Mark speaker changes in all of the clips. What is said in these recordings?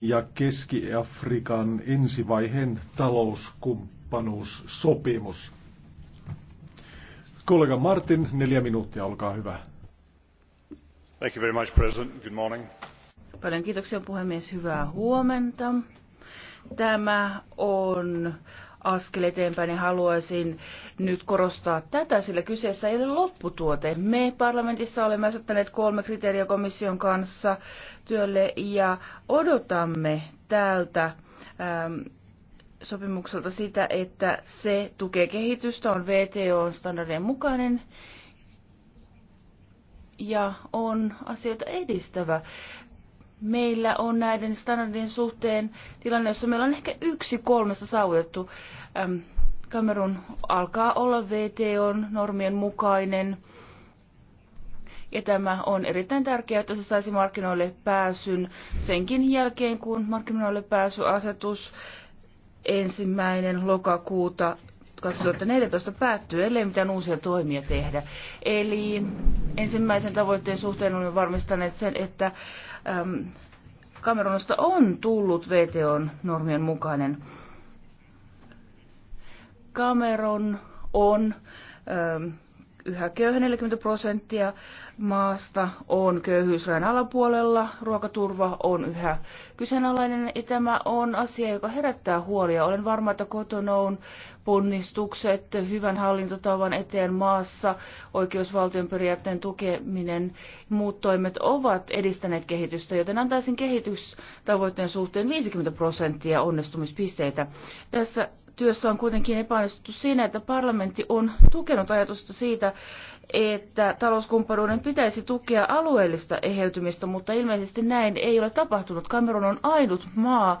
Speaker 1: ja Keski-Afrikan ensivaiheen talouskumppanuussopimus. Kollega Martin, neljä minuuttia, olkaa hyvä. Thank you very much, President. Good morning.
Speaker 2: Paljon kiitoksia puhemies, hyvää huomenta. Tämä on askel eteenpäin niin haluaisin nyt korostaa tätä, sillä kyseessä ei ole lopputuote. Me parlamentissa olemme asettaneet kolme kriteeriä komission kanssa työlle ja odotamme täältä äm, sopimukselta sitä, että se tukee kehitystä, on VTO-standardien mukainen ja on asioita edistävä meillä on näiden standardien suhteen tilanne, jossa meillä on ehkä yksi kolmesta saavutettu. Ähm, Kamerun alkaa olla vto normien mukainen. Ja tämä on erittäin tärkeää, että se saisi markkinoille pääsyn senkin jälkeen, kun markkinoille pääsyasetus ensimmäinen lokakuuta 2014 päättyy, ellei mitään uusia toimia tehdä. Eli ensimmäisen tavoitteen suhteen olemme varmistaneet sen, että äm, Kamerunasta on tullut VTOn normien mukainen. Kamerun on äm, yhä köyhä 40 prosenttia maasta on köyhyysrajan alapuolella, ruokaturva on yhä kyseenalainen ja tämä on asia, joka herättää huolia. Olen varma, että kotona on ponnistukset hyvän hallintotavan eteen maassa, oikeusvaltion periaatteen tukeminen, muut toimet ovat edistäneet kehitystä, joten antaisin kehitystavoitteen suhteen 50 prosenttia onnistumispisteitä. Tässä työssä on kuitenkin epäonnistuttu siinä, että parlamentti on tukenut ajatusta siitä, että talouskumppanuuden pitäisi tukea alueellista eheytymistä, mutta ilmeisesti näin ei ole tapahtunut. Kamerun on ainut maa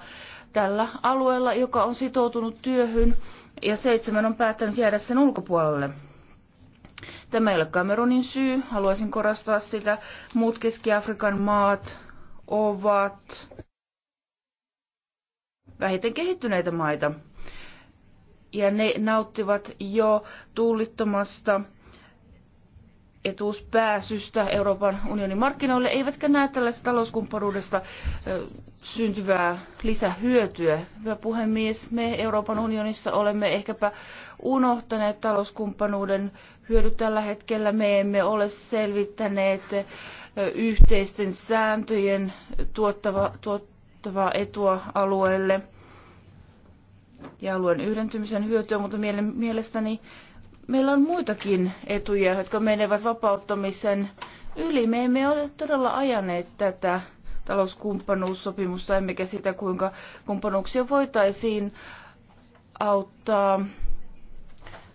Speaker 2: tällä alueella, joka on sitoutunut työhön ja seitsemän on päättänyt jäädä sen ulkopuolelle. Tämä ei ole Kamerunin syy, haluaisin korostaa sitä. Muut Keski-Afrikan maat ovat vähiten kehittyneitä maita ja ne nauttivat jo tuulittomasta etuuspääsystä Euroopan unionin markkinoille, eivätkä näe tällaista talouskumppanuudesta syntyvää lisähyötyä. Hyvä puhemies, me Euroopan unionissa olemme ehkäpä unohtaneet talouskumppanuuden hyödyt tällä hetkellä. Me emme ole selvittäneet yhteisten sääntöjen tuottava, tuottavaa etua alueelle ja alueen yhdentymisen hyötyä, mutta mielestäni meillä on muitakin etuja, jotka menevät vapauttamisen yli. Me emme ole todella ajaneet tätä talouskumppanuussopimusta, emmekä sitä, kuinka kumppanuuksia voitaisiin auttaa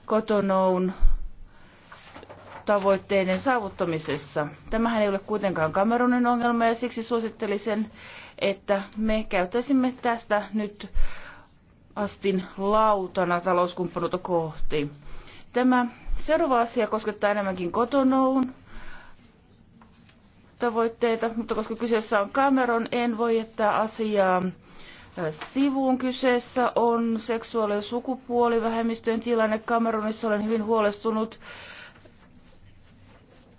Speaker 2: kotonoun tavoitteiden saavuttamisessa. Tämähän ei ole kuitenkaan Kamerunin ongelma ja siksi suosittelisin, että me käyttäisimme tästä nyt astin lautana talouskumppanuutta kohti. Tämä seuraava asia koskettaa enemmänkin kotonoun tavoitteita, mutta koska kyseessä on Cameron, en voi jättää asiaa sivuun. Kyseessä on seksuaali- ja sukupuolivähemmistöjen tilanne Cameronissa. Olen hyvin huolestunut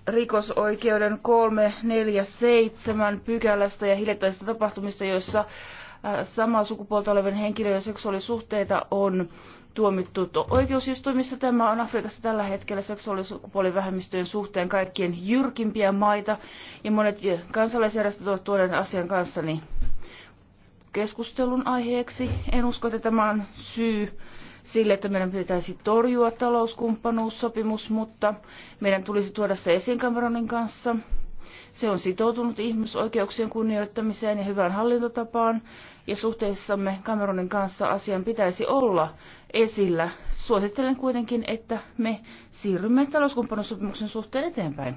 Speaker 2: rikosoikeuden 347 pykälästä ja hiljattaisista tapahtumista, joissa samaa sukupuolta olevien henkilöiden seksuaalisuhteita on tuomittu oikeusistuimissa. Tämä on Afrikassa tällä hetkellä seksuaalisukupuolivähemmistöjen suhteen kaikkien jyrkimpiä maita ja monet kansalaisjärjestöt ovat tuoneet asian kanssani keskustelun aiheeksi. En usko, että tämä on syy sille, että meidän pitäisi torjua talouskumppanuussopimus, mutta meidän tulisi tuoda se esiin Cameronin kanssa. Se on sitoutunut ihmisoikeuksien kunnioittamiseen ja hyvään hallintotapaan ja suhteessamme Kamerunin kanssa asian pitäisi olla esillä. Suosittelen kuitenkin, että me siirrymme talouskumppanuussopimuksen suhteen eteenpäin.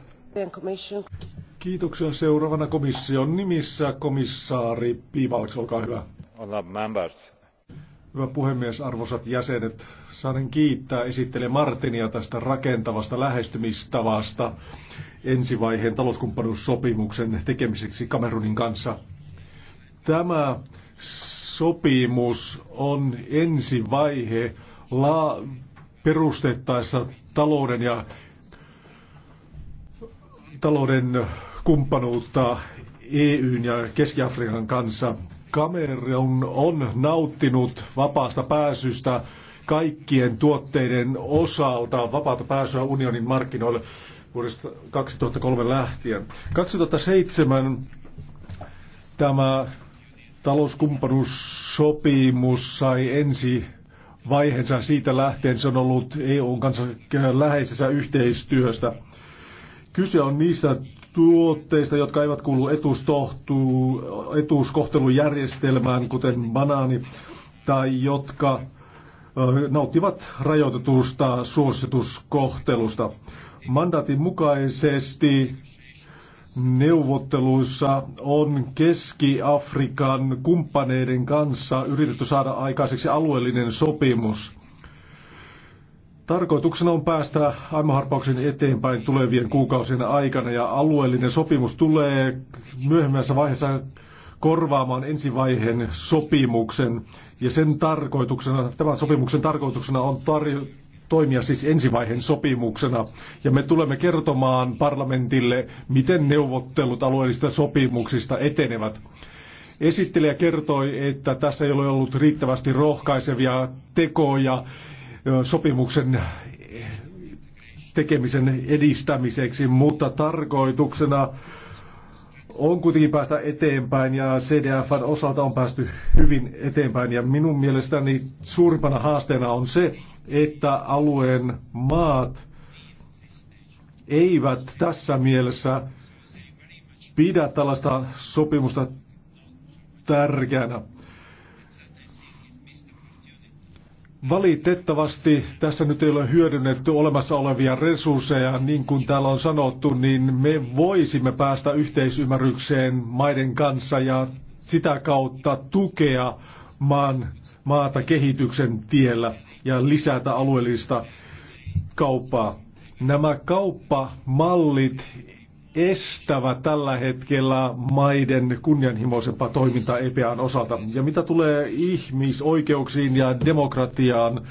Speaker 1: Kiitoksia seuraavana komission nimissä. Komissaari Piivalks, olkaa hyvä. Hyvä puhemies, arvoisat jäsenet. Saan kiittää esittele Martinia tästä rakentavasta lähestymistavasta ensivaiheen talouskumppanuussopimuksen tekemiseksi Kamerunin kanssa. Tämä sopimus on ensi vaihe la- perustettaessa talouden ja talouden kumppanuutta EUn ja Keski-Afrikan kanssa. Kamerun on nauttinut vapaasta pääsystä kaikkien tuotteiden osalta vapaata pääsyä unionin markkinoille vuodesta 2003 lähtien. 2007 tämä Talouskumppanuussopimus sai ensi vaiheensa siitä lähtien. Se on ollut EUn kanssa läheisessä yhteistyöstä. Kyse on niistä tuotteista, jotka eivät kuulu etuuskohtelujärjestelmään, kuten banaani, tai jotka nauttivat rajoitetusta suosituskohtelusta. Mandaatin mukaisesti neuvotteluissa on Keski-Afrikan kumppaneiden kanssa yritetty saada aikaiseksi alueellinen sopimus. Tarkoituksena on päästä aimoharppauksen eteenpäin tulevien kuukausien aikana ja alueellinen sopimus tulee myöhemmässä vaiheessa korvaamaan ensivaiheen sopimuksen ja sen tarkoituksena, tämän sopimuksen tarkoituksena on tarjota toimia siis ensivaiheen sopimuksena. Ja me tulemme kertomaan parlamentille, miten neuvottelut alueellisista sopimuksista etenevät. Esittelijä kertoi, että tässä ei ole ollut riittävästi rohkaisevia tekoja sopimuksen tekemisen edistämiseksi, mutta tarkoituksena on kuitenkin päästä eteenpäin ja CDF osalta on päästy hyvin eteenpäin ja minun mielestäni suurimpana haasteena on se, että alueen maat eivät tässä mielessä pidä tällaista sopimusta tärkeänä. Valitettavasti tässä nyt ei ole hyödynnetty olemassa olevia resursseja. Niin kuin täällä on sanottu, niin me voisimme päästä yhteisymmärrykseen maiden kanssa ja sitä kautta tukea maan, maata kehityksen tiellä ja lisätä alueellista kauppaa. Nämä kauppamallit Estävä tällä hetkellä maiden kunnianhimoisempaa toimintaa EPAn osalta. Ja mitä tulee ihmisoikeuksiin ja demokratiaan,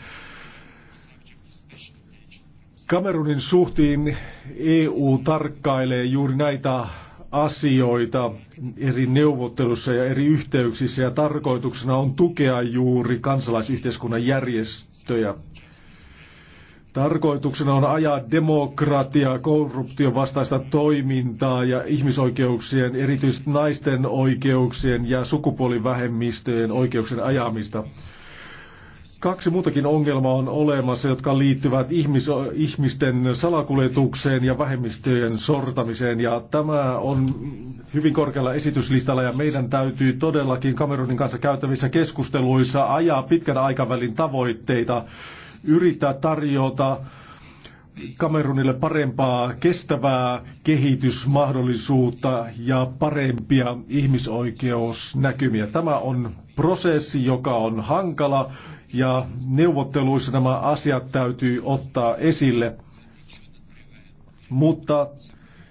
Speaker 1: Kamerunin suhtiin EU tarkkailee juuri näitä asioita eri neuvottelussa ja eri yhteyksissä ja tarkoituksena on tukea juuri kansalaisyhteiskunnan järjestöjä. Tarkoituksena on ajaa demokratiaa, korruption vastaista toimintaa ja ihmisoikeuksien, erityisesti naisten oikeuksien ja sukupuolivähemmistöjen oikeuksien ajamista. Kaksi muutakin ongelmaa on olemassa, jotka liittyvät ihmis, ihmisten salakuljetukseen ja vähemmistöjen sortamiseen. Ja tämä on hyvin korkealla esityslistalla ja meidän täytyy todellakin Kamerunin kanssa käytävissä keskusteluissa ajaa pitkän aikavälin tavoitteita yrittää tarjota Kamerunille parempaa kestävää kehitysmahdollisuutta ja parempia ihmisoikeusnäkymiä. Tämä on prosessi, joka on hankala ja neuvotteluissa nämä asiat täytyy ottaa esille. Mutta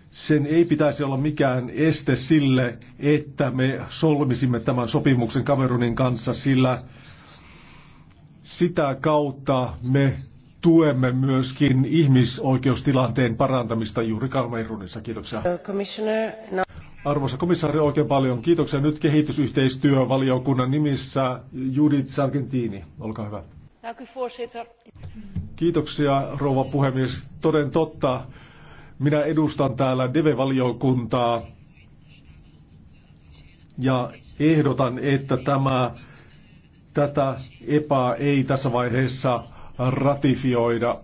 Speaker 1: sen ei pitäisi olla mikään este sille, että me solmisimme tämän sopimuksen Kamerunin kanssa, sillä sitä kautta me tuemme myöskin ihmisoikeustilanteen parantamista juuri Kalmeirunissa. Kiitoksia. No- Arvoisa komissaari, oikein paljon kiitoksia. Nyt kehitysyhteistyövaliokunnan nimissä Judith Sargentini, olkaa hyvä. Kiitoksia, rouva puhemies. Toden totta, minä edustan täällä DEVE-valiokuntaa ja ehdotan, että tämä Tätä EPA ei tässä vaiheessa ratifioida.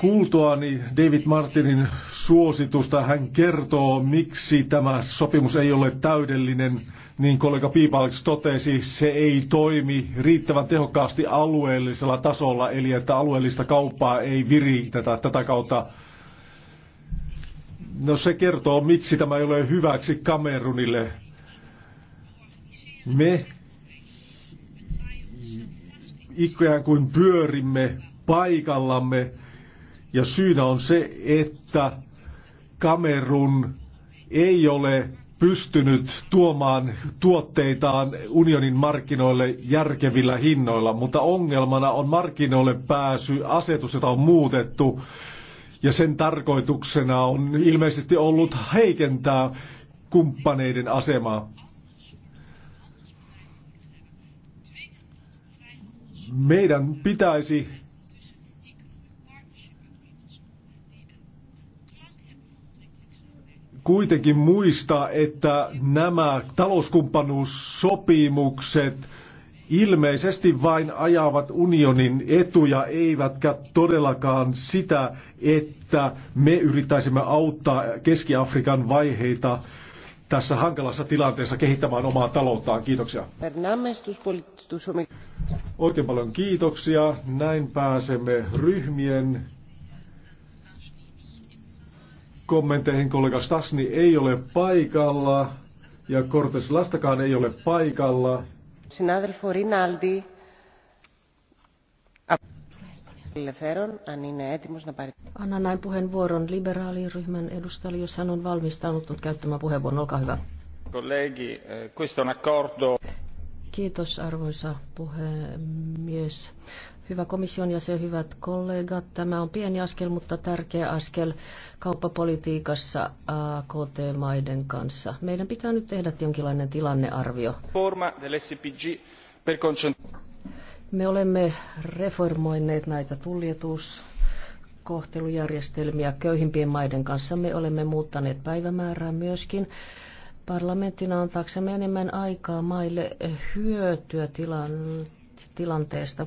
Speaker 1: Kuultuani David Martinin suositusta hän kertoo, miksi tämä sopimus ei ole täydellinen. Niin kollega Piipalks totesi, se ei toimi riittävän tehokkaasti alueellisella tasolla, eli että alueellista kauppaa ei viritetä tätä kautta No se kertoo, miksi tämä ei ole hyväksi Kamerunille. Me ikään kuin pyörimme paikallamme ja syynä on se, että Kamerun ei ole pystynyt tuomaan tuotteitaan unionin markkinoille järkevillä hinnoilla, mutta ongelmana on markkinoille pääsy, asetus, jota on muutettu ja sen tarkoituksena on ilmeisesti ollut heikentää kumppaneiden asemaa. Meidän pitäisi kuitenkin muistaa, että nämä talouskumppanuussopimukset ilmeisesti vain ajavat unionin etuja, eivätkä todellakaan sitä, että me yrittäisimme auttaa Keski-Afrikan vaiheita tässä hankalassa tilanteessa kehittämään omaa talouttaan. Kiitoksia. Oikein paljon kiitoksia. Näin pääsemme ryhmien kommenteihin. Kollega Stasni ei ole paikalla ja Cortes Lastakaan ei ole paikalla. Συνάδελφο Ρινάλντι,
Speaker 3: Anna näin puheenvuoron liberaaliryhmän edustajalle, jos hän on valmistautunut käyttämään puheenvuoron. Olkaa hyvä. Kollegi, eh, questo on accordo. Kiitos arvoisa puhemies. Hyvä komission ja se hyvät kollegat, tämä on pieni askel, mutta tärkeä askel kauppapolitiikassa kt maiden kanssa. Meidän pitää nyt tehdä jonkinlainen tilannearvio. Me olemme reformoineet näitä tuljetus kohtelujärjestelmiä köyhimpien maiden kanssa. Me olemme muuttaneet päivämäärää myöskin parlamenttina antaaksemme enemmän aikaa maille hyötyä tilanteesta.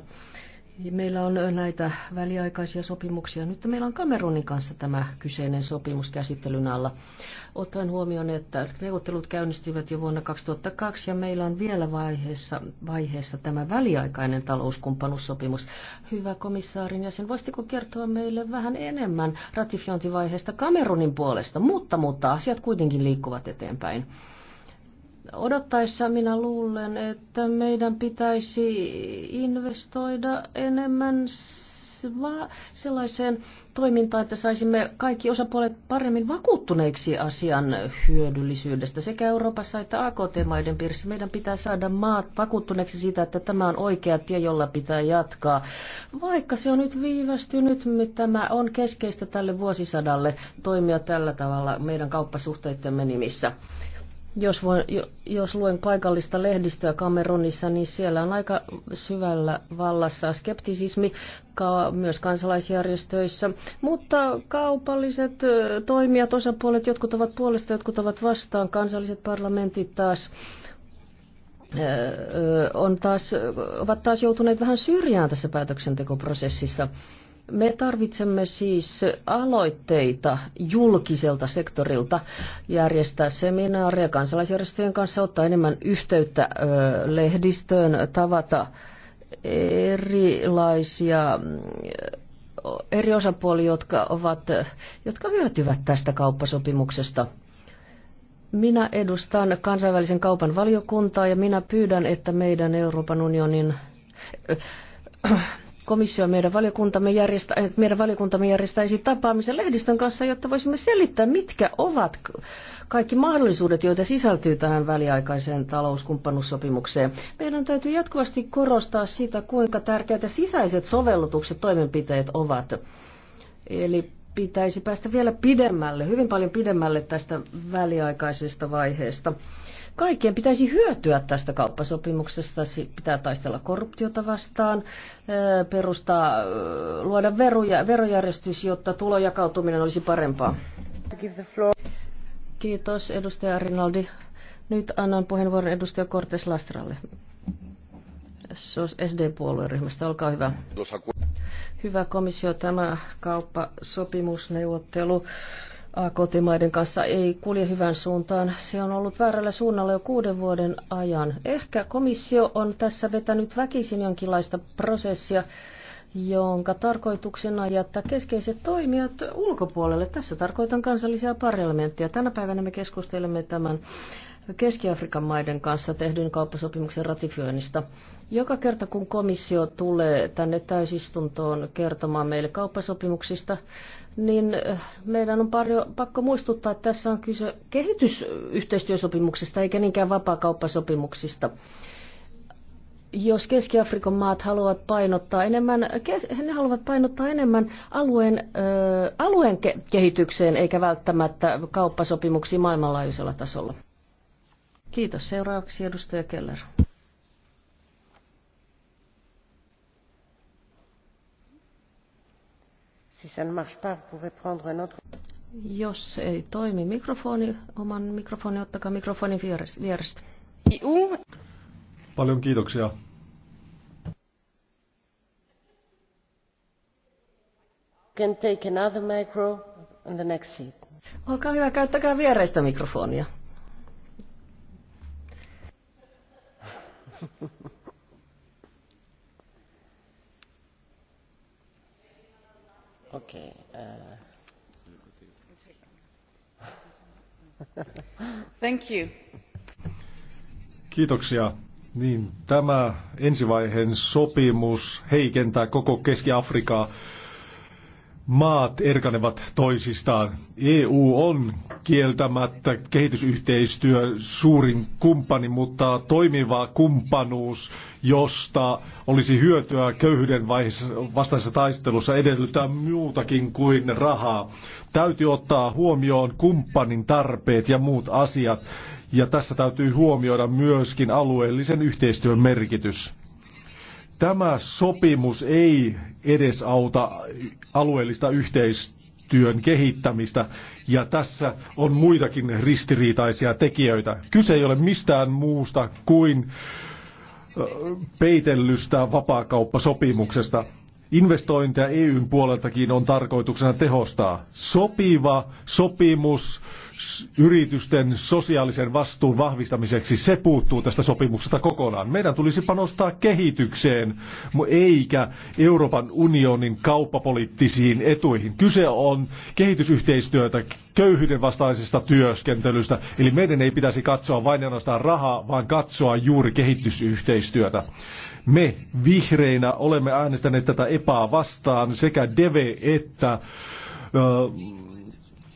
Speaker 3: Meillä on näitä väliaikaisia sopimuksia. Nyt meillä on Kamerunin kanssa tämä kyseinen sopimus käsittelyn alla. Ottaen huomioon, että neuvottelut käynnistyivät jo vuonna 2002 ja meillä on vielä vaiheessa, vaiheessa tämä väliaikainen talouskumppanuussopimus. Hyvä komissaarin jäsen, voisitko kertoa meille vähän enemmän ratifiointivaiheesta Kamerunin puolesta? Mutta, mutta asiat kuitenkin liikkuvat eteenpäin odottaessa minä luulen, että meidän pitäisi investoida enemmän sellaiseen toimintaan, että saisimme kaikki osapuolet paremmin vakuuttuneiksi asian hyödyllisyydestä sekä Euroopassa että AKT-maiden piirissä. Meidän pitää saada maat vakuuttuneeksi siitä, että tämä on oikea tie, jolla pitää jatkaa. Vaikka se on nyt viivästynyt, tämä on keskeistä tälle vuosisadalle toimia tällä tavalla meidän kauppasuhteittemme nimissä. Jos, voin, jos luen paikallista lehdistöä Kamerunissa, niin siellä on aika syvällä vallassa skeptisismi myös kansalaisjärjestöissä. Mutta kaupalliset toimijat, osapuolet, jotkut ovat puolesta, jotkut ovat vastaan. Kansalliset parlamentit taas on taas, ovat taas joutuneet vähän syrjään tässä päätöksentekoprosessissa. Me tarvitsemme siis aloitteita julkiselta sektorilta järjestää seminaareja kansalaisjärjestöjen kanssa, ottaa enemmän yhteyttä lehdistöön, tavata erilaisia eri osapuolia, jotka, ovat, jotka hyötyvät tästä kauppasopimuksesta. Minä edustan kansainvälisen kaupan valiokuntaa ja minä pyydän, että meidän Euroopan unionin komissio meidän valiokuntamme, järjestä, äh, meidän valiokuntamme järjestäisi tapaamisen lehdistön kanssa, jotta voisimme selittää, mitkä ovat kaikki mahdollisuudet, joita sisältyy tähän väliaikaiseen talouskumppanuussopimukseen. Meidän täytyy jatkuvasti korostaa sitä, kuinka tärkeitä sisäiset sovellutukset, toimenpiteet ovat. Eli pitäisi päästä vielä pidemmälle, hyvin paljon pidemmälle tästä väliaikaisesta vaiheesta. Kaikkien pitäisi hyötyä tästä kauppasopimuksesta, pitää taistella korruptiota vastaan, perustaa, luoda veroja, verojärjestys, jotta tulojakautuminen olisi parempaa. Kiitos edustaja Rinaldi. Nyt annan puheenvuoron edustaja Cortes Lastralle. SD-puolueryhmästä, olkaa hyvä. Hyvä komissio, tämä kauppasopimusneuvottelu AKT-maiden kanssa ei kulje hyvän suuntaan. Se on ollut väärällä suunnalla jo kuuden vuoden ajan. Ehkä komissio on tässä vetänyt väkisin jonkinlaista prosessia, jonka tarkoituksena on jättää keskeiset toimijat ulkopuolelle. Tässä tarkoitan kansallisia parlamentteja. Tänä päivänä me keskustelemme tämän Keski-Afrikan maiden kanssa tehdyn kauppasopimuksen ratifioinnista. Joka kerta kun komissio tulee tänne täysistuntoon kertomaan meille kauppasopimuksista, niin eh, meidän on paljon, pakko muistuttaa, että tässä on kyse kehitysyhteistyösopimuksesta eikä niinkään vapaakauppasopimuksista. Jos Keski-Afrikan maat haluavat painottaa enemmän, ne haluavat painottaa enemmän alueen, eh, alueen kehitykseen eikä välttämättä kauppasopimuksiin maailmanlaajuisella tasolla. Kiitos. Seuraavaksi edustaja Keller. Jos ei toimi mikrofoni, oman mikrofoni, ottakaa mikrofonin vierestä.
Speaker 1: Paljon kiitoksia.
Speaker 3: Can take another micro on the next seat. Olkaa hyvä, käyttäkää viereistä mikrofonia.
Speaker 2: Thank you.
Speaker 1: Kiitoksia. Niin, tämä ensivaiheen sopimus heikentää koko Keski-Afrikaa maat erkanevat toisistaan. EU on kieltämättä kehitysyhteistyö suurin kumppani, mutta toimiva kumppanuus, josta olisi hyötyä köyhyyden vastaisessa taistelussa, edellyttää muutakin kuin rahaa. Täytyy ottaa huomioon kumppanin tarpeet ja muut asiat, ja tässä täytyy huomioida myöskin alueellisen yhteistyön merkitys. Tämä sopimus ei edesauta alueellista yhteistyön kehittämistä ja tässä on muitakin ristiriitaisia tekijöitä. Kyse ei ole mistään muusta kuin peitellystä vapaakauppasopimuksesta. Investointeja EUn puoleltakin on tarkoituksena tehostaa. Sopiva sopimus yritysten sosiaalisen vastuun vahvistamiseksi, se puuttuu tästä sopimuksesta kokonaan. Meidän tulisi panostaa kehitykseen, eikä Euroopan unionin kauppapoliittisiin etuihin. Kyse on kehitysyhteistyötä, köyhyyden vastaisesta työskentelystä, eli meidän ei pitäisi katsoa vain ainoastaan rahaa, vaan katsoa juuri kehitysyhteistyötä. Me vihreinä olemme äänestäneet tätä epää vastaan sekä DEVE että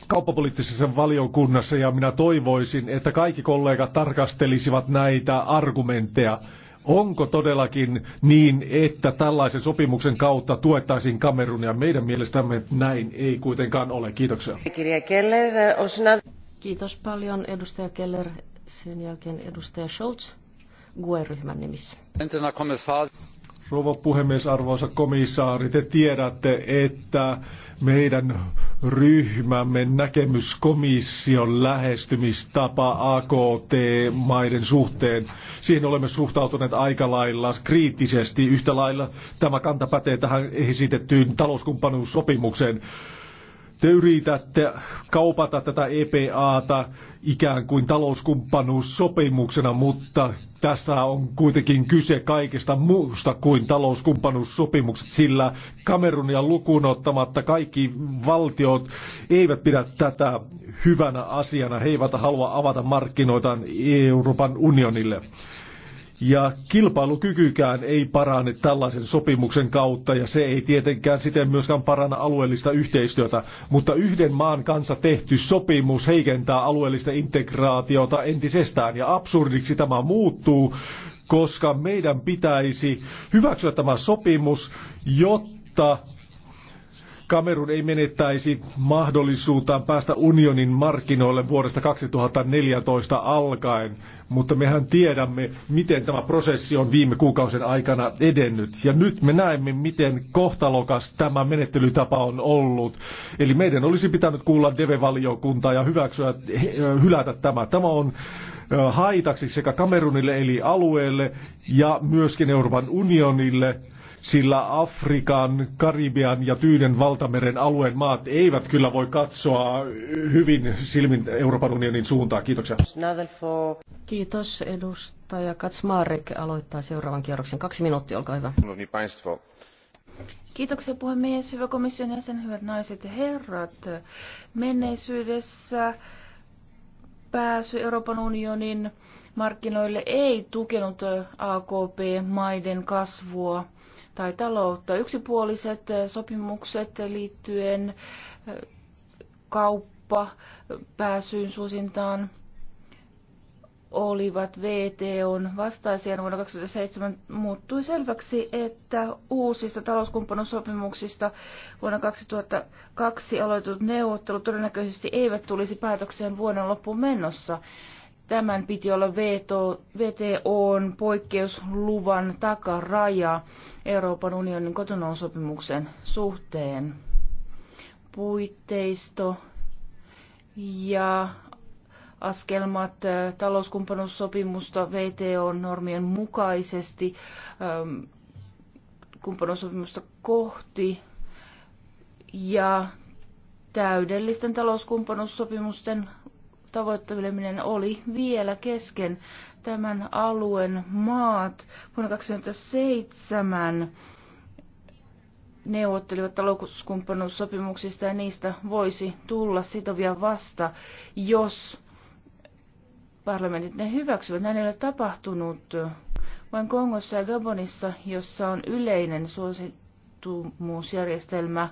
Speaker 1: kauppapoliittisessa valiokunnassa ja minä toivoisin, että kaikki kollegat tarkastelisivat näitä argumentteja. Onko todellakin niin, että tällaisen sopimuksen kautta tuettaisiin Kamerunia? Meidän mielestämme näin ei kuitenkaan ole. Kiitoksia.
Speaker 3: Kiitos paljon edustaja Keller. Sen jälkeen edustaja Schultz. GUE-ryhmän nimissä.
Speaker 1: Entenä komissaari. Rouva puhemies, arvoisa komissaari, te tiedätte, että meidän ryhmämme näkemys komission lähestymistapa AKT-maiden suhteen, siihen olemme suhtautuneet aika lailla kriittisesti. Yhtä lailla tämä kanta pätee tähän esitettyyn talouskumppanuussopimukseen. Te yritätte kaupata tätä EPAta ikään kuin talouskumppanuussopimuksena, mutta tässä on kuitenkin kyse kaikesta muusta kuin talouskumppanuussopimukset, sillä Kamerunia lukuun ottamatta kaikki valtiot eivät pidä tätä hyvänä asiana. He eivät halua avata markkinoitaan Euroopan unionille. Ja kilpailukykykään ei parane tällaisen sopimuksen kautta ja se ei tietenkään siten myöskään paranna alueellista yhteistyötä. Mutta yhden maan kanssa tehty sopimus heikentää alueellista integraatiota entisestään ja absurdiksi tämä muuttuu, koska meidän pitäisi hyväksyä tämä sopimus, jotta Kamerun ei menettäisi mahdollisuuttaan päästä unionin markkinoille vuodesta 2014 alkaen, mutta mehän tiedämme, miten tämä prosessi on viime kuukausien aikana edennyt. Ja nyt me näemme, miten kohtalokas tämä menettelytapa on ollut. Eli meidän olisi pitänyt kuulla DEVE-valiokuntaa ja hyväksyä, hylätä tämä. Tämä on haitaksi sekä Kamerunille eli alueelle ja myöskin Euroopan unionille – sillä Afrikan, Karibian ja Tyynen valtameren alueen maat eivät kyllä voi katsoa hyvin silmin Euroopan unionin suuntaan. Kiitoksia.
Speaker 3: Kiitos edustaja Katsmarek aloittaa seuraavan kierroksen. Kaksi minuuttia, olkaa hyvä.
Speaker 2: Kiitoksia puhemies, hyvä komission jäsen, hyvät naiset ja herrat. Menneisyydessä pääsy Euroopan unionin markkinoille ei tukenut AKP-maiden kasvua tai taloutta. Yksipuoliset eh, sopimukset liittyen eh, kauppa eh, pääsyyn suosintaan olivat VTOn vastaisia no, vuonna 2007, muuttui selväksi, että uusista talouskumppanuussopimuksista vuonna 2002 aloitetut neuvottelut todennäköisesti eivät tulisi päätökseen vuoden loppuun mennessä tämän piti olla VTOn poikkeusluvan takaraja Euroopan unionin kotonousopimuksen suhteen. Puitteisto ja askelmat talouskumppanuussopimusta VTOn normien mukaisesti ähm, kumppanuussopimusta kohti ja täydellisten talouskumppanuussopimusten tavoitteleminen oli vielä kesken. Tämän alueen maat vuonna 2007 neuvottelivat talouskumppanuussopimuksista ja niistä voisi tulla sitovia vasta, jos parlamentit ne hyväksyvät. Näin ei ole tapahtunut vain Kongossa ja Gabonissa, jossa on yleinen suosittumusjärjestelmä,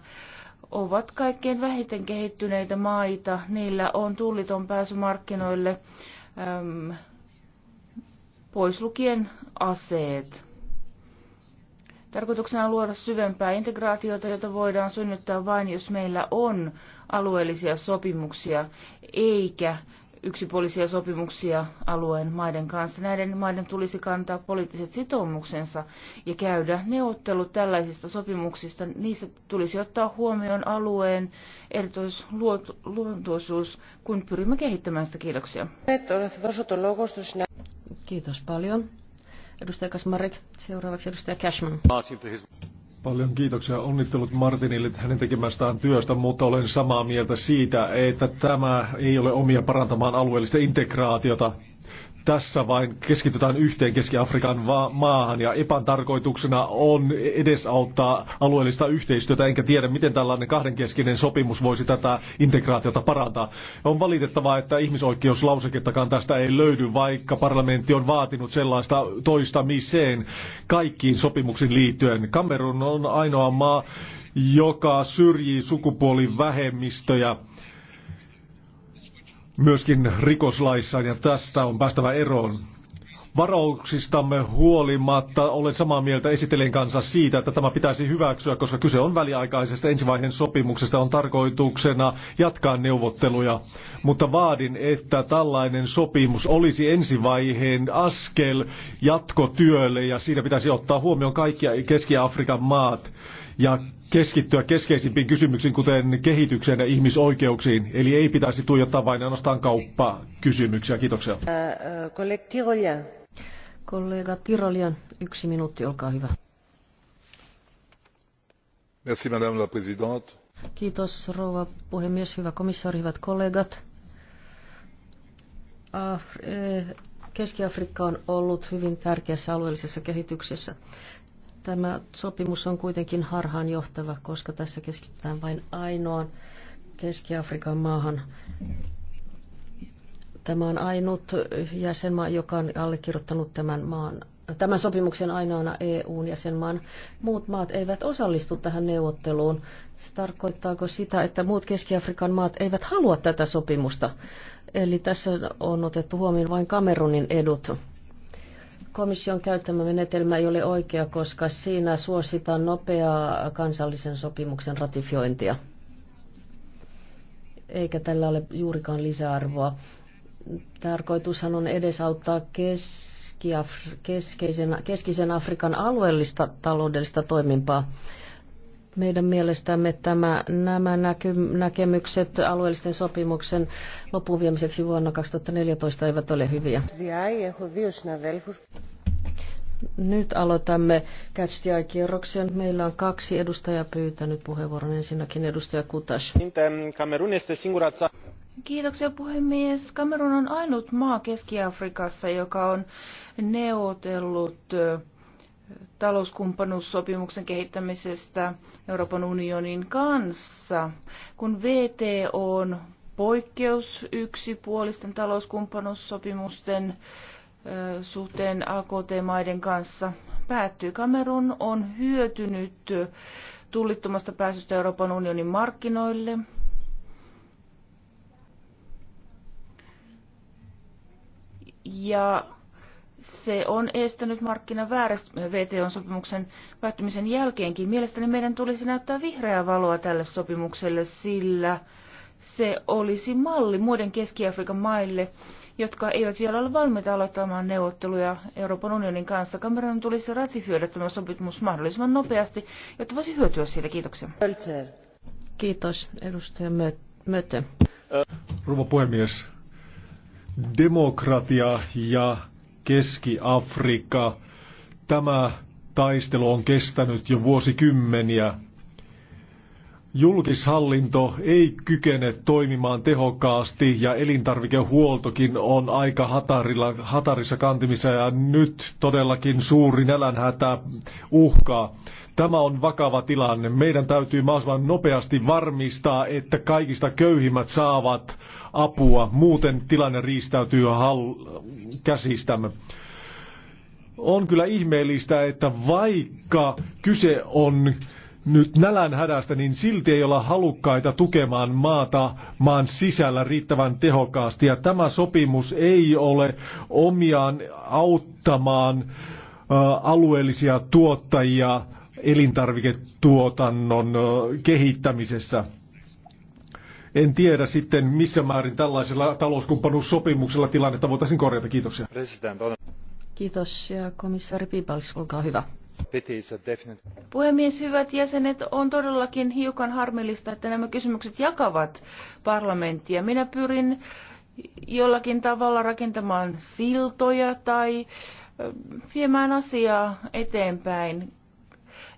Speaker 2: ovat kaikkein vähiten kehittyneitä maita. Niillä on tulliton pääsy markkinoille äm, poislukien aseet. Tarkoituksena on luoda syvempää integraatiota, jota voidaan synnyttää vain, jos meillä on alueellisia sopimuksia, eikä yksipuolisia sopimuksia alueen maiden kanssa. Näiden maiden tulisi kantaa poliittiset sitoumuksensa ja käydä neuvottelut tällaisista sopimuksista. Niissä tulisi ottaa huomioon alueen erityisluontoisuus, kun pyrimme kehittämään sitä. Kiitoksia.
Speaker 3: Kiitos paljon. Edustaja Kasmarik, seuraavaksi edustaja Cashman.
Speaker 1: Paljon kiitoksia. Onnittelut Martinille hänen tekemästään työstä, mutta olen samaa mieltä siitä, että tämä ei ole omia parantamaan alueellista integraatiota tässä vain keskitytään yhteen Keski-Afrikan maahan ja EPAN tarkoituksena on edesauttaa alueellista yhteistyötä, enkä tiedä miten tällainen kahdenkeskinen sopimus voisi tätä integraatiota parantaa. On valitettavaa, että ihmisoikeuslausekettakaan tästä ei löydy, vaikka parlamentti on vaatinut sellaista toistamiseen kaikkiin sopimuksiin liittyen. Kamerun on ainoa maa, joka syrjii sukupuolivähemmistöjä myöskin rikoslaissa ja tästä on päästävä eroon. Varauksistamme huolimatta olen samaa mieltä esittelijän kanssa siitä, että tämä pitäisi hyväksyä, koska kyse on väliaikaisesta ensivaiheen sopimuksesta, on tarkoituksena jatkaa neuvotteluja. Mutta vaadin, että tällainen sopimus olisi ensivaiheen askel jatkotyölle ja siinä pitäisi ottaa huomioon kaikki Keski-Afrikan maat ja keskittyä keskeisimpiin kysymyksiin, kuten kehitykseen ja ihmisoikeuksiin. Eli ei pitäisi tuijottaa vain ainoastaan kysymyksiä Kiitoksia.
Speaker 3: Kollega Tirolian, yksi minuutti, olkaa hyvä.
Speaker 1: Merci, madame la présidente.
Speaker 3: Kiitos rouva puhemies, hyvä komissaari, hyvät kollegat. Afri- eh, Keski-Afrikka on ollut hyvin tärkeässä alueellisessa kehityksessä. Tämä sopimus on kuitenkin harhaanjohtava, koska tässä keskitytään vain ainoan Keski-Afrikan maahan. Tämä on ainut jäsenmaa, joka on allekirjoittanut tämän maan tämän sopimuksen ainoana EUn jäsenmaan muut maat eivät osallistu tähän neuvotteluun. Se tarkoittaako sitä, että muut Keski-Afrikan maat eivät halua tätä sopimusta? Eli tässä on otettu huomioon vain Kamerunin edut. Komission käyttämä menetelmä ei ole oikea, koska siinä suositaan nopeaa kansallisen sopimuksen ratifiointia. Eikä tällä ole juurikaan lisäarvoa. Tarkoitushan on edesauttaa keskeisen, keskisen Afrikan alueellista taloudellista toimintaa. Meidän mielestämme tämä, nämä näky, näkemykset alueellisten sopimuksen lopun viemiseksi vuonna 2014 eivät ole hyviä. Nyt aloitamme Catch the kierroksen Meillä on kaksi edustajaa pyytänyt puheenvuoron. Ensinnäkin edustaja Kutas.
Speaker 2: Kiitoksia puhemies. Kamerun on ainut maa Keski-Afrikassa, joka on neuvotellut talouskumppanuussopimuksen kehittämisestä Euroopan unionin kanssa, kun VTO on poikkeus yksipuolisten talouskumppanuussopimusten suhteen AKT-maiden kanssa päättyy. Kamerun on hyötynyt tullittomasta pääsystä Euroopan unionin markkinoille. Ja se on estänyt väärästä VTO-sopimuksen päättymisen jälkeenkin. Mielestäni meidän tulisi näyttää vihreää valoa tälle sopimukselle, sillä se olisi malli muiden Keski-Afrikan maille, jotka eivät vielä ole valmiita aloittamaan neuvotteluja Euroopan unionin kanssa. Kameran tulisi ratifioida tämä sopimus mahdollisimman nopeasti, jotta voisi hyötyä siitä. Kiitoksia. Kiitos,
Speaker 3: edustaja
Speaker 1: Mötö. Rouva puhemies, demokratia ja Keski-Afrikka. Tämä taistelu on kestänyt jo vuosikymmeniä. Julkishallinto ei kykene toimimaan tehokkaasti ja elintarvikehuoltokin on aika hatarilla, hatarissa kantimissa ja nyt todellakin suuri nälänhätä uhkaa. Tämä on vakava tilanne. Meidän täytyy mahdollisimman nopeasti varmistaa, että kaikista köyhimmät saavat apua. Muuten tilanne riistäytyy hall- käsistämme on kyllä ihmeellistä, että vaikka kyse on nyt nälän hädästä, niin silti ei olla halukkaita tukemaan maata maan sisällä riittävän tehokkaasti. Ja tämä sopimus ei ole omiaan auttamaan alueellisia tuottajia elintarviketuotannon kehittämisessä. En tiedä sitten, missä määrin tällaisella talouskumppanuussopimuksella tilannetta voitaisiin korjata. Kiitoksia.
Speaker 3: Kiitos ja komissaari Pibals, olkaa hyvä.
Speaker 2: Puhemies, hyvät jäsenet, on todellakin hiukan harmillista, että nämä kysymykset jakavat parlamenttia. Minä pyrin jollakin tavalla rakentamaan siltoja tai viemään asiaa eteenpäin.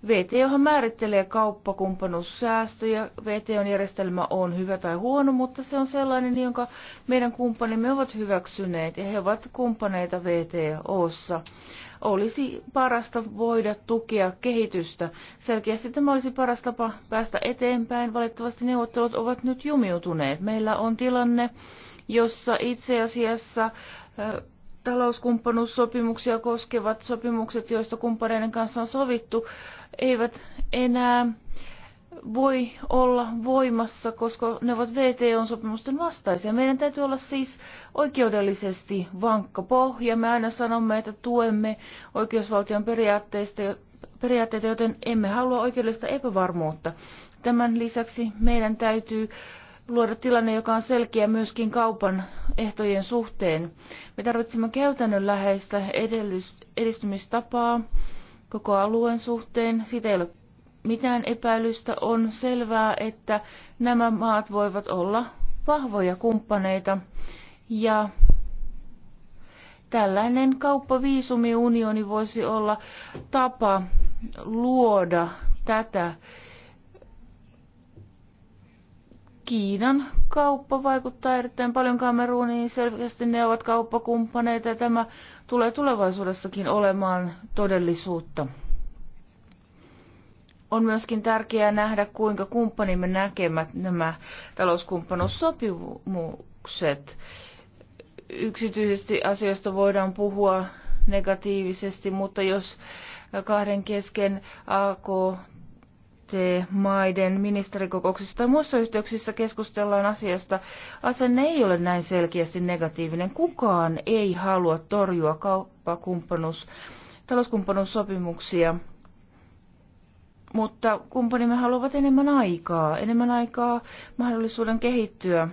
Speaker 2: VTO määrittelee kauppakumppanuussäästöjä. VTOn järjestelmä on hyvä tai huono, mutta se on sellainen, jonka meidän kumppanimme ovat hyväksyneet ja he ovat kumppaneita VTOssa olisi parasta voida tukea kehitystä. Selkeästi tämä olisi paras tapa päästä eteenpäin. Valitettavasti neuvottelut ovat nyt jumiutuneet. Meillä on tilanne, jossa itse asiassa talouskumppanuussopimuksia koskevat sopimukset, joista kumppaneiden kanssa on sovittu, eivät enää voi olla voimassa, koska ne ovat VTO-sopimusten vastaisia. Meidän täytyy olla siis oikeudellisesti vankka pohja. Me aina sanomme, että tuemme oikeusvaltion periaatteista, periaatteita, joten emme halua oikeudellista epävarmuutta. Tämän lisäksi meidän täytyy luoda tilanne, joka on selkeä myöskin kaupan ehtojen suhteen. Me tarvitsemme käytännönläheistä edistymistapaa koko alueen suhteen. Siitä ei ole mitään epäilystä. On selvää, että nämä maat voivat olla vahvoja kumppaneita ja tällainen kauppaviisumiunioni voisi olla tapa luoda tätä Kiinan kauppa vaikuttaa erittäin paljon Kameruniin. Selvästi ne ovat kauppakumppaneita ja tämä tulee tulevaisuudessakin olemaan todellisuutta. On myöskin tärkeää nähdä, kuinka kumppanimme näkemät nämä talouskumppanuussopimukset. Yksityisesti asioista voidaan puhua negatiivisesti, mutta jos kahden kesken AKT-maiden ministerikokouksissa tai muissa yhteyksissä keskustellaan asiasta, asenne ei ole näin selkeästi negatiivinen. Kukaan ei halua torjua kauppakumppanuus, talouskumppanuussopimuksia mutta kumppanimme haluavat enemmän aikaa, enemmän aikaa mahdollisuuden kehittyä.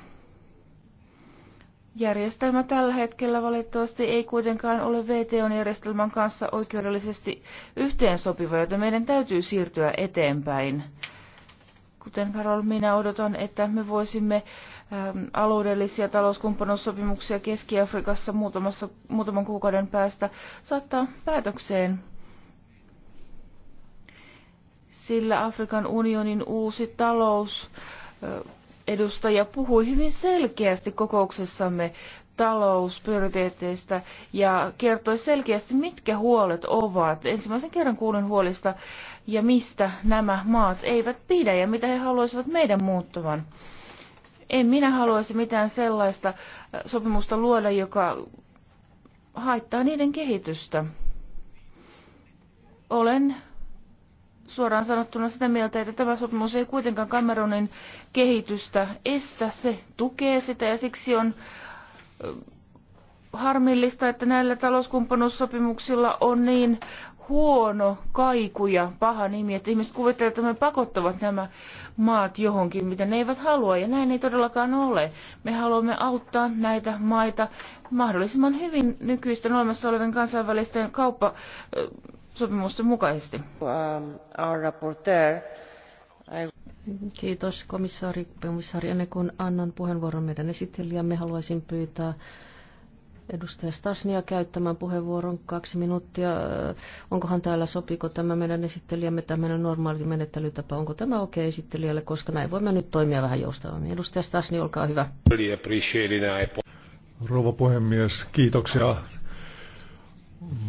Speaker 2: Järjestelmä tällä hetkellä valitettavasti ei kuitenkaan ole VTO-järjestelmän kanssa oikeudellisesti yhteensopiva, joten meidän täytyy siirtyä eteenpäin. Kuten Karol, minä odotan, että me voisimme ähm, alueellisia talouskumppanuussopimuksia Keski-Afrikassa muutamassa, muutaman kuukauden päästä saattaa päätökseen sillä Afrikan unionin uusi talous edustaja puhui hyvin selkeästi kokouksessamme talousprioriteeteista ja kertoi selkeästi, mitkä huolet ovat. Ensimmäisen kerran kuulin huolista ja mistä nämä maat eivät pidä ja mitä he haluaisivat meidän muuttuvan. En minä haluaisi mitään sellaista sopimusta luoda, joka haittaa niiden kehitystä. Olen suoraan sanottuna sitä mieltä, että tämä sopimus ei kuitenkaan Cameronin kehitystä estä, se tukee sitä ja siksi on harmillista, että näillä talouskumppanuussopimuksilla on niin huono kaiku ja paha nimi, että ihmiset kuvittelevat, että me pakottavat nämä maat johonkin, mitä ne eivät halua, ja näin ei todellakaan ole. Me haluamme auttaa näitä maita mahdollisimman hyvin nykyisten olemassa olevien kansainvälisten kauppa sopimusten mukaisesti.
Speaker 3: Um, Kiitos komissaari, komissaari. Ennen kuin annan puheenvuoron meidän esittelijämme, haluaisin pyytää edustaja Stasnia käyttämään puheenvuoron kaksi minuuttia. Onkohan täällä, sopiko tämä meidän esittelijämme, meidän normaali menettelytapa, onko tämä okei okay esittelijälle, koska näin voimme nyt toimia vähän joustavammin. Edustaja Stasni, olkaa
Speaker 1: hyvä. Rouva puhemies, kiitoksia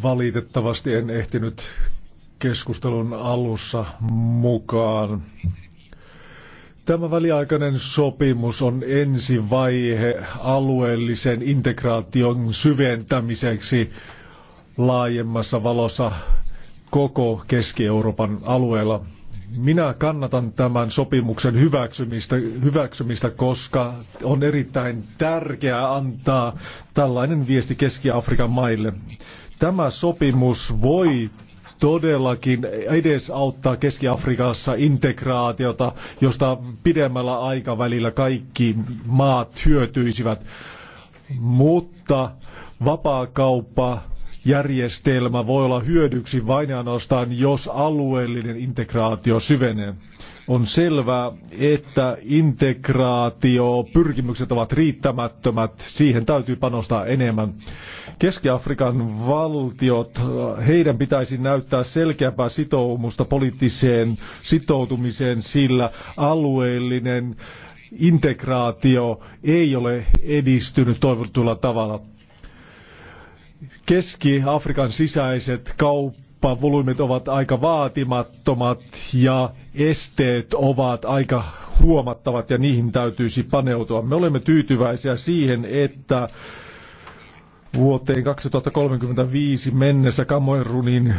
Speaker 1: Valitettavasti en ehtinyt keskustelun alussa mukaan. Tämä väliaikainen sopimus on ensivaihe alueellisen integraation syventämiseksi laajemmassa valossa koko Keski-Euroopan alueella. Minä kannatan tämän sopimuksen hyväksymistä, hyväksymistä, koska on erittäin tärkeää antaa tällainen viesti Keski-Afrikan maille. Tämä sopimus voi todellakin edes auttaa Keski-Afrikassa integraatiota, josta pidemmällä aikavälillä kaikki maat hyötyisivät. Mutta vapaakauppa järjestelmä voi olla hyödyksi vain ainoastaan, jos alueellinen integraatio syvenee. On selvää, että integraatio pyrkimykset ovat riittämättömät, siihen täytyy panostaa enemmän. Keski-Afrikan valtiot, heidän pitäisi näyttää selkeämpää sitoumusta poliittiseen sitoutumiseen, sillä alueellinen integraatio ei ole edistynyt toivotulla tavalla. Keski-Afrikan sisäiset kauppavolyymit ovat aika vaatimattomat ja esteet ovat aika huomattavat ja niihin täytyisi paneutua. Me olemme tyytyväisiä siihen, että Vuoteen 2035 mennessä Kamerunin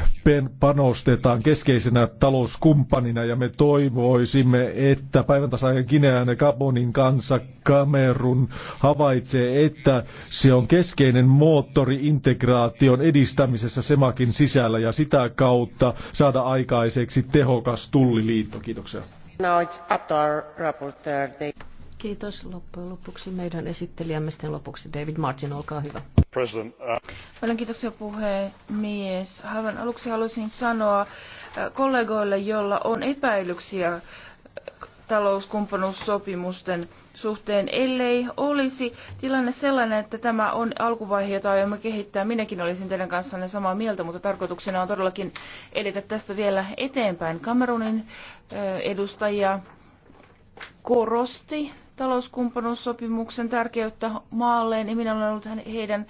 Speaker 1: panostetaan keskeisenä talouskumppanina ja me toivoisimme, että päivän tasaajan Kinean ja Gabonin kanssa Kamerun havaitsee, että se on keskeinen moottori integraation edistämisessä semakin sisällä ja sitä kautta saada aikaiseksi tehokas tulliliitto. Kiitoksia. Now it's up to our
Speaker 3: Kiitos. Loppujen lopuksi meidän esittelijämme sitten lopuksi. David Martin, olkaa hyvä. President, uh...
Speaker 2: Paljon kiitoksia puhemies. Aivan aluksi haluaisin sanoa uh, kollegoille, joilla on epäilyksiä uh, talouskumppanuussopimusten suhteen, ellei olisi tilanne sellainen, että tämä on alkuvaihe, jota aiomme kehittää. Minäkin olisin teidän kanssanne samaa mieltä, mutta tarkoituksena on todellakin edetä tästä vielä eteenpäin. Kamerunin uh, edustajia korosti talouskumppanuussopimuksen tärkeyttä maalleen ja minä olen ollut heidän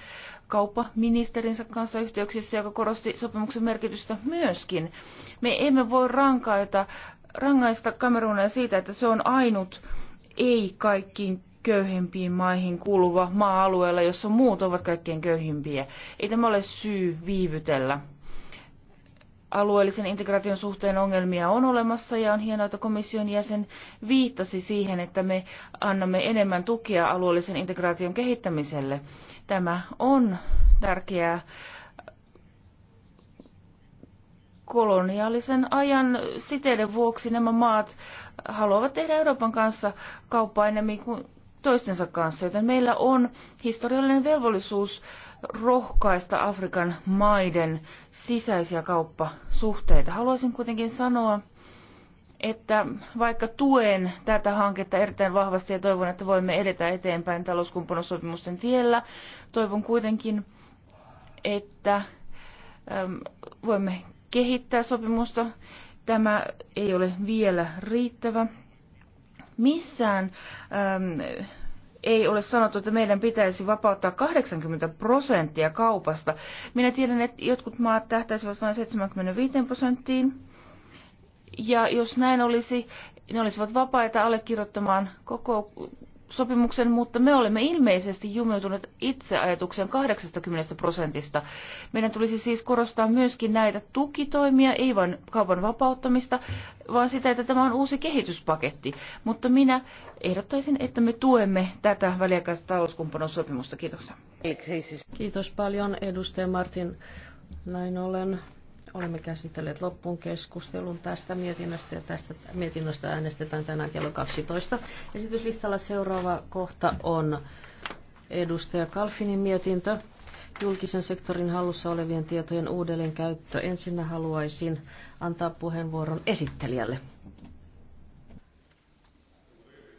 Speaker 2: kauppaministerinsä kanssa yhteyksissä, joka korosti sopimuksen merkitystä myöskin. Me emme voi rankaita, rangaista Kamerunia siitä, että se on ainut ei kaikkiin köyhempiin maihin kuuluva maa-alueella, jossa muut ovat kaikkein köyhimpiä. Ei tämä ole syy viivytellä alueellisen integraation suhteen ongelmia on olemassa ja on hienoa, että komission jäsen viittasi siihen, että me annamme enemmän tukea alueellisen integraation kehittämiselle. Tämä on tärkeää koloniaalisen ajan siteiden vuoksi nämä maat haluavat tehdä Euroopan kanssa kauppaa enemmän kuin toistensa kanssa, joten meillä on historiallinen velvollisuus rohkaista Afrikan maiden sisäisiä kauppasuhteita. Haluaisin kuitenkin sanoa, että vaikka tuen tätä hanketta erittäin vahvasti ja toivon, että voimme edetä eteenpäin talouskumppanuussopimusten tiellä, toivon kuitenkin, että voimme kehittää sopimusta. Tämä ei ole vielä riittävä. Missään äm, ei ole sanottu, että meidän pitäisi vapauttaa 80 prosenttia kaupasta. Minä tiedän, että jotkut maat tähtäisivät vain 75 prosenttiin. Ja jos näin olisi, ne olisivat vapaita allekirjoittamaan koko sopimuksen, mutta me olemme ilmeisesti jumeutuneet itse ajatuksen 80 prosentista. Meidän tulisi siis korostaa myöskin näitä tukitoimia, ei vain kaupan vapauttamista, vaan sitä, että tämä on uusi kehityspaketti. Mutta minä ehdottaisin,
Speaker 3: että me tuemme tätä väliaikaista sopimusta Kiitoksia. Kiitos paljon edustaja Martin. Näin ollen Olemme käsitelleet loppuun keskustelun tästä mietinnöstä ja tästä mietinnöstä äänestetään tänään kello 12. Esityslistalla seuraava kohta on edustaja Kalfinin mietintö. Julkisen sektorin hallussa olevien tietojen uudelleenkäyttö. Ensinnä haluaisin antaa puheenvuoron esittelijälle.